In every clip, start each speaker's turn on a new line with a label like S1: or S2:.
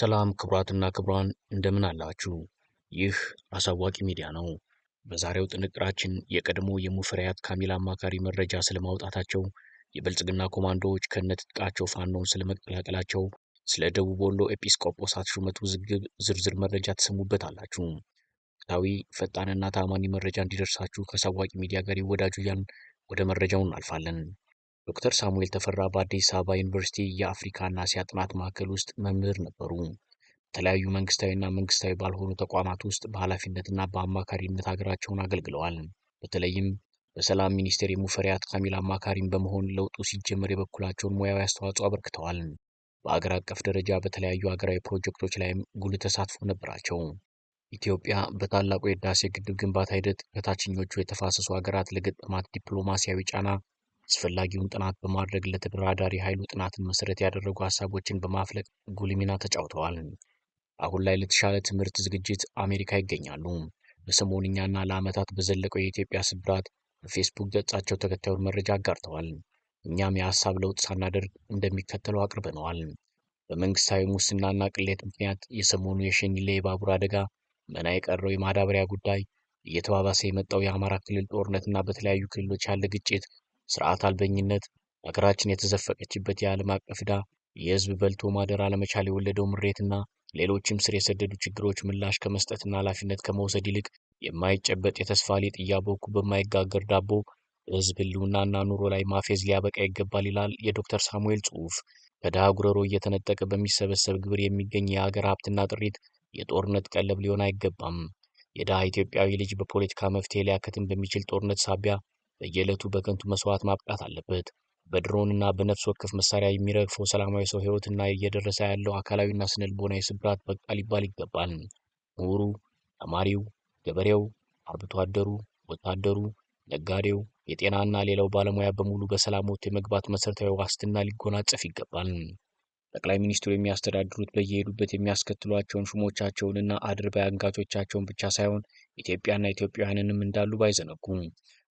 S1: ሰላም ክቡራትና ክቡራን እንደምን አላችሁ? ይህ አሳዋቂ ሚዲያ ነው። በዛሬው ጥንቅራችን የቀድሞ የሙፈሪያት ካሚል አማካሪ መረጃ ስለማውጣታቸው፣ የብልጽግና ኮማንዶዎች ከነትጥቃቸው ፋኖን ስለመቀላቀላቸው፣ ስለ ደቡብ ወሎ ኤጲስቆጶሳት ሹመት ውዝግብ ዝርዝር መረጃ ትሰሙበት አላችሁ። ወቅታዊ ፈጣንና ታማኒ መረጃ እንዲደርሳችሁ ከአሳዋቂ ሚዲያ ጋር ይወዳጁ እያልን ወደ መረጃው እናልፋለን። ዶክተር ሳሙኤል ተፈራ በአዲስ አበባ ዩኒቨርሲቲ የአፍሪካና እስያ ጥናት ማዕከል ውስጥ መምህር ነበሩ። በተለያዩ መንግስታዊና መንግስታዊ ባልሆኑ ተቋማት ውስጥ በኃላፊነትና በአማካሪነት ሀገራቸውን አገልግለዋል። በተለይም በሰላም ሚኒስቴር የሙፈሪያት ካሚል አማካሪም በመሆን ለውጡ ሲጀመር የበኩላቸውን ሙያዊ አስተዋጽኦ አበርክተዋል። በአገር አቀፍ ደረጃ በተለያዩ ሀገራዊ ፕሮጀክቶች ላይም ጉልህ ተሳትፎ ነበራቸው። ኢትዮጵያ በታላቁ የህዳሴ ግድብ ግንባታ ሂደት ከታችኞቹ የተፋሰሱ ሀገራት ለገጠማት ዲፕሎማሲያዊ ጫና አስፈላጊውን ጥናት በማድረግ ለተደራዳሪ ኃይሉ ጥናትን መሰረት ያደረጉ ሀሳቦችን በማፍለቅ ጉልህ ሚና ተጫውተዋል። አሁን ላይ ለተሻለ ትምህርት ዝግጅት አሜሪካ ይገኛሉ። በሰሞንኛና ለዓመታት በዘለቀው የኢትዮጵያ ስብራት በፌስቡክ ገጻቸው ተከታዩን መረጃ አጋርተዋል። እኛም የሀሳብ ለውጥ ሳናደርግ እንደሚከተለው አቅርበነዋል። በመንግስታዊ ሙስናና ቅሌት ምክንያት የሰሞኑ የሸኒሌ የባቡር አደጋ፣ መና የቀረው የማዳበሪያ ጉዳይ፣ እየተባባሰ የመጣው የአማራ ክልል ጦርነትና በተለያዩ ክልሎች ያለ ግጭት ስርዓት አልበኝነት ሀገራችን የተዘፈቀችበት የዓለም አቀፍ ዕዳ የህዝብ በልቶ ማደር አለመቻል የወለደው ምሬትና ሌሎችም ስር የሰደዱ ችግሮች ምላሽ ከመስጠትና ኃላፊነት ከመውሰድ ይልቅ የማይጨበጥ የተስፋ ሊጥ እያቦኩ በማይጋገር ዳቦ ህዝብ ህልውናና ኑሮ ላይ ማፌዝ ሊያበቃ ይገባል ይላል የዶክተር ሳሙኤል ጽሁፍ ከድሃ ጉረሮ እየተነጠቀ በሚሰበሰብ ግብር የሚገኝ የሀገር ሀብትና ጥሪት የጦርነት ቀለብ ሊሆን አይገባም። የድሃ ኢትዮጵያዊ ልጅ በፖለቲካ መፍትሄ ሊያከትም በሚችል ጦርነት ሳቢያ በየዕለቱ በከንቱ መስዋዕት ማብቃት አለበት። በድሮንና በነፍስ ወከፍ መሳሪያ የሚረግፈው ሰላማዊ ሰው ህይወትና እየደረሰ ያለው አካላዊና ስነ ልቦናዊ ስብራት በቃ ሊባል ይገባል። ምሁሩ፣ ተማሪው፣ ገበሬው፣ አርብቶ አደሩ፣ ወታደሩ፣ ነጋዴው፣ የጤናና ሌላው ባለሙያ በሙሉ በሰላም ወጥቶ የመግባት መሠረታዊ ዋስትና ሊጎናጸፍ ይገባል። ጠቅላይ ሚኒስትሩ የሚያስተዳድሩት በየሄዱበት የሚያስከትሏቸውን ሹሞቻቸውንና አድርባይ አንጋቾቻቸውን ብቻ ሳይሆን ኢትዮጵያና ኢትዮጵያውያንንም እንዳሉ ባይዘነጉም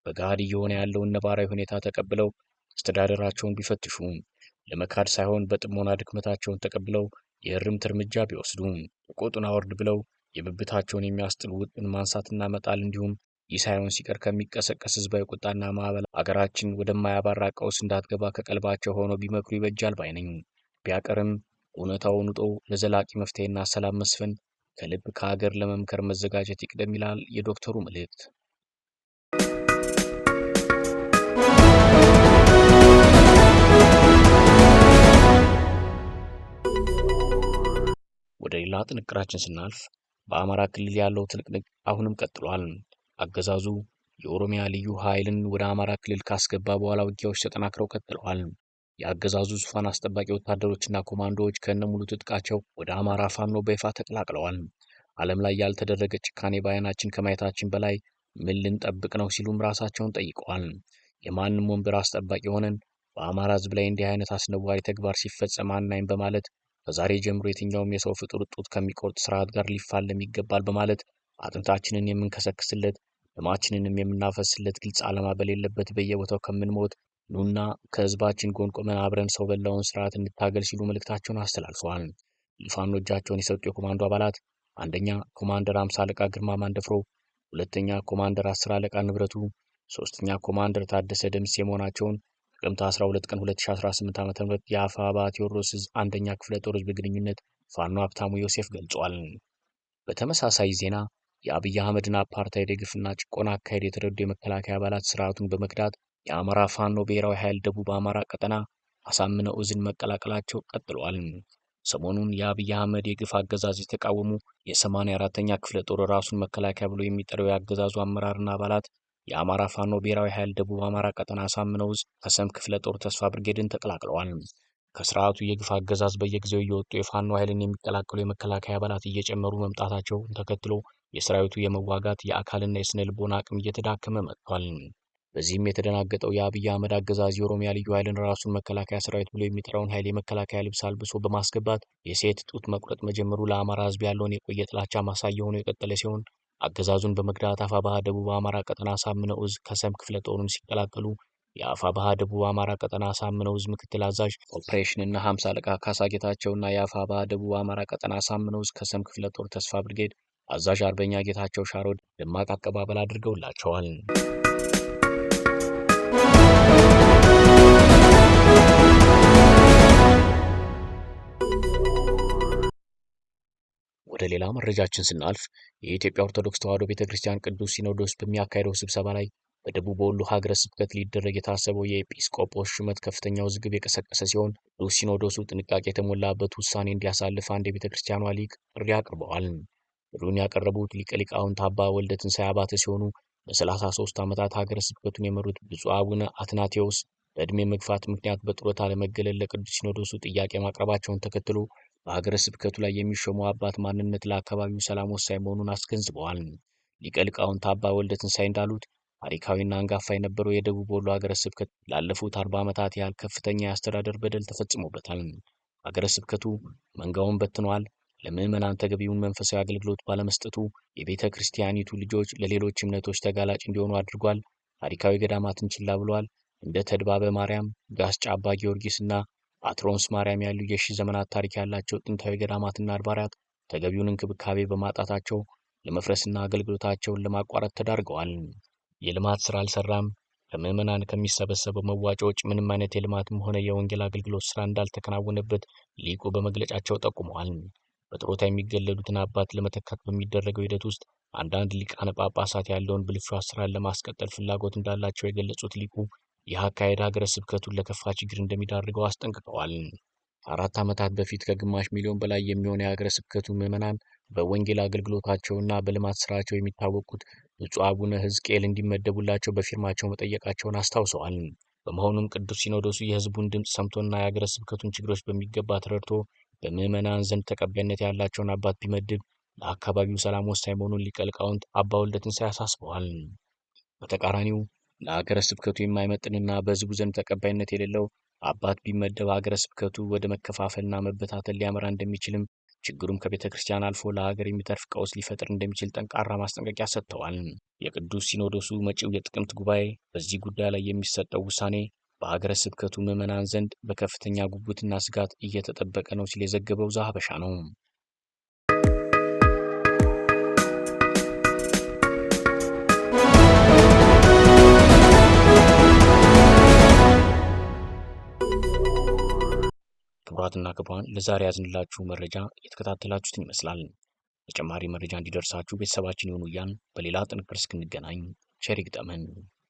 S1: በጋድ እየሆነ ያለውን ነባራዊ ሁኔታ ተቀብለው አስተዳደራቸውን ቢፈትሹም ለመካድ ሳይሆን በጥሞና ድክመታቸውን ተቀብለው የእርምት እርምጃ ቢወስዱም የቆጡን አወርድ ብለው የብብታቸውን የሚያስጥል ውጥን ማንሳትና መጣል እንዲሁም ይህ ሳይሆን ሲቀር ከሚቀሰቀስ ህዝባዊ ቁጣና ማዕበል አገራችን ወደማያባራ ቀውስ እንዳትገባ ከቀልባቸው ሆኖ ቢመክሩ ይበጃል ባይ ነኝ። ቢያቀርም እውነታውን ውጦ ለዘላቂ መፍትሄና ሰላም መስፈን ከልብ ከሀገር ለመምከር መዘጋጀት ይቅደም ይላል የዶክተሩ መልእክት። ወደ ሌላ ጥንቅራችን ስናልፍ በአማራ ክልል ያለው ትንቅንቅ አሁንም ቀጥሏል። አገዛዙ የኦሮሚያ ልዩ ኃይልን ወደ አማራ ክልል ካስገባ በኋላ ውጊያዎች ተጠናክረው ቀጥለዋል። የአገዛዙ ዙፋን አስጠባቂ ወታደሮችና ኮማንዶዎች ከነሙሉ ትጥቃቸው ወደ አማራ ፋኖ በይፋ ተቀላቅለዋል። ዓለም ላይ ያልተደረገ ጭካኔ በዓይናችን ከማየታችን በላይ ምን ልንጠብቅ ነው ሲሉም ራሳቸውን ጠይቀዋል። የማንም ወንበር አስጠባቂ ሆነን በአማራ ሕዝብ ላይ እንዲህ አይነት አስነዋሪ ተግባር ሲፈጸም አናይም በማለት ከዛሬ ጀምሮ የትኛውም የሰው ፍጡር ጡት ከሚቆርጥ ስርዓት ጋር ሊፋለም ይገባል በማለት አጥንታችንን የምንከሰክስለት ደማችንንም የምናፈስለት ግልጽ ዓላማ በሌለበት በየቦታው ከምንሞት ኑና ከህዝባችን ጎን ቆመን አብረን ሰው በላውን ስርዓት እንታገል ሲሉ መልእክታቸውን አስተላልፈዋል። ሊፋኖ እጃቸውን የሰጡ የኮማንዶ አባላት አንደኛ ኮማንደር አምሳ አለቃ ግርማ ማንደፍሮ፣ ሁለተኛ ኮማንደር አስር አለቃ ንብረቱ፣ ሶስተኛ ኮማንደር ታደሰ ደምስ የመሆናቸውን ጥቅምት 12 ቀን 2018 ዓ.ም የአፋባ ቴዎድሮስ ዕዝ አንደኛ ክፍለ ጦር ህዝብ ግንኙነት ፋኖ ሀብታሙ ዮሴፍ ገልጿል። በተመሳሳይ ዜና የአብይ አህመድን አፓርታይድ የግፍና ጭቆና አካሄድ የተረዱ የመከላከያ አባላት ስርዓቱን በመክዳት የአማራ ፋኖ ብሔራዊ ኃይል ደቡብ አማራ ቀጠና አሳምነው ዕዝን መቀላቀላቸው ቀጥሏል። ሰሞኑን የአብይ አህመድ የግፍ አገዛዝ የተቃወሙ የ84ኛ ክፍለ ጦር ራሱን መከላከያ ብሎ የሚጠራው የአገዛዙ አመራርና አባላት የአማራ ፋኖ ብሔራዊ ኃይል ደቡብ አማራ ቀጠና አሳምነው ዕዝ ከሰም ክፍለ ጦር ተስፋ ብርጌድን ተቀላቅለዋል። ከስርዓቱ የግፍ አገዛዝ በየጊዜው እየወጡ የፋኖ ኃይልን የሚቀላቀሉ የመከላከያ አባላት እየጨመሩ መምጣታቸውን ተከትሎ የሰራዊቱ የመዋጋት የአካልና የስነ ልቦና አቅም እየተዳከመ መጥቷል። በዚህም የተደናገጠው የአብይ አህመድ አገዛዝ የኦሮሚያ ልዩ ኃይልን ራሱን መከላከያ ሰራዊት ብሎ የሚጠራውን ኃይል የመከላከያ ልብስ አልብሶ በማስገባት የሴት ጡት መቁረጥ መጀመሩ ለአማራ ሕዝብ ያለውን የቆየ ጥላቻ ማሳያ ሆኖ የቀጠለ ሲሆን አገዛዙን በመግዳት አፋባሃ ደቡብ አማራ ቀጠና ሳምነ እዝ ከሰም ክፍለ ጦሩን ሲቀላቀሉ የአፋ ባህ ደቡብ አማራ ቀጠና አሳምነው እዝ ምክትል አዛዥ ኦፕሬሽን እና ሀምሳ አለቃ ካሳ ጌታቸውና የአፋ ባህ ደቡብ አማራ ቀጠና አሳምነው እዝ ከሰም ክፍለ ጦር ተስፋ ብርጌድ አዛዥ አርበኛ ጌታቸው ሻሮድ ደማቅ አቀባበል አድርገውላቸዋል። ወደ ሌላ መረጃችን ስናልፍ የኢትዮጵያ ኦርቶዶክስ ተዋሕዶ ቤተ ክርስቲያን ቅዱስ ሲኖዶስ በሚያካሄደው ስብሰባ ላይ በደቡብ ወሎ ሀገረ ስብከት ሊደረግ የታሰበው የኤጲስቆጶስ ሹመት ከፍተኛ ውዝግብ የቀሰቀሰ ሲሆን ቅዱስ ሲኖዶሱ ጥንቃቄ የተሞላበት ውሳኔ እንዲያሳልፍ አንድ የቤተ ክርስቲያኗ ሊቅ ጥሪ አቅርበዋል። ጥሪውን ያቀረቡት ሊቀ ሊቃውንት አባ ወልደ ትንሣኤ አባተ ሲሆኑ በ33 ዓመታት ሀገረ ስብከቱን የመሩት ብፁዕ አቡነ አትናቴዎስ በዕድሜ መግፋት ምክንያት በጡረታ ለመገለል ለቅዱስ ሲኖዶሱ ጥያቄ ማቅረባቸውን ተከትሎ በሀገረ ስብከቱ ላይ የሚሾመው አባት ማንነት ለአካባቢው ሰላም ወሳኝ መሆኑን አስገንዝበዋል። ሊቀ ሊቃውንት አባ ወልደ ትንሳኤ እንዳሉት ታሪካዊና አንጋፋ የነበረው የደቡብ ወሎ ሀገረ ስብከት ላለፉት አርባ ዓመታት ያህል ከፍተኛ የአስተዳደር በደል ተፈጽሞበታል። ሀገረ ስብከቱ መንጋውን በትነዋል። ለምዕመናን ተገቢውን መንፈሳዊ አገልግሎት ባለመስጠቱ የቤተ ክርስቲያኒቱ ልጆች ለሌሎች እምነቶች ተጋላጭ እንዲሆኑ አድርጓል። ታሪካዊ ገዳማትን ችላ ብሏል። እንደ ተድባበ ማርያም፣ ጋስጫ አባ ጊዮርጊስ እና ፓትሮንስ ማርያም ያሉ የሺ ዘመናት ታሪክ ያላቸው ጥንታዊ ገዳማትና አድባራት ተገቢውን እንክብካቤ በማጣታቸው ለመፍረስና አገልግሎታቸውን ለማቋረጥ ተዳርገዋል። የልማት ስራ አልሰራም። ከምዕመናን ከሚሰበሰበው መዋጮዎች ምንም አይነት የልማትም ሆነ የወንጌል አገልግሎት ስራ እንዳልተከናወነበት ሊቁ በመግለጫቸው ጠቁመዋል። በጥሮታ የሚገለሉትን አባት ለመተካት በሚደረገው ሂደት ውስጥ አንዳንድ ሊቃነ ጳጳሳት ያለውን ብልሹ አሰራር ለማስቀጠል ፍላጎት እንዳላቸው የገለጹት ሊቁ ይህ አካሄድ ሀገረ ስብከቱን ለከፋ ችግር እንደሚዳርገው አስጠንቅቀዋል። ከአራት ዓመታት በፊት ከግማሽ ሚሊዮን በላይ የሚሆን የሀገረ ስብከቱ ምዕመናን በወንጌል አገልግሎታቸውና በልማት ስራቸው የሚታወቁት ብፁዕ አቡነ ሕዝቅኤል እንዲመደቡላቸው በፊርማቸው መጠየቃቸውን አስታውሰዋል። በመሆኑም ቅዱስ ሲኖዶሱ የሕዝቡን ድምፅ ሰምቶና የአገረ ስብከቱን ችግሮች በሚገባ ተረድቶ በምዕመናን ዘንድ ተቀባይነት ያላቸውን አባት ቢመድብ ለአካባቢው ሰላም ወሳኝ መሆኑን ሊቀ ሊቃውንት አባ ወልደ አሳስበዋል። በተቃራኒው ለሀገረ ስብከቱ የማይመጥንና በሕዝቡ ዘንድ ተቀባይነት የሌለው አባት ቢመደብ ሀገረ ስብከቱ ወደ መከፋፈልና መበታተል ሊያመራ እንደሚችልም ችግሩም ከቤተ ክርስቲያን አልፎ ለሀገር የሚተርፍ ቀውስ ሊፈጥር እንደሚችል ጠንካራ ማስጠንቀቂያ ሰጥተዋል። የቅዱስ ሲኖዶሱ መጪው የጥቅምት ጉባኤ በዚህ ጉዳይ ላይ የሚሰጠው ውሳኔ በሀገረ ስብከቱ ምዕመናን ዘንድ በከፍተኛ ጉጉትና ስጋት እየተጠበቀ ነው ሲል የዘገበው ዘሐበሻ ነው። ክቡራትና ክቡራን ለዛሬ ያዝንላችሁ መረጃ የተከታተላችሁትን ይመስላል። ተጨማሪ መረጃ እንዲደርሳችሁ ቤተሰባችን ይሁኑ እያን በሌላ ጥንቅር እስክንገናኝ ቸር ይግጠመን።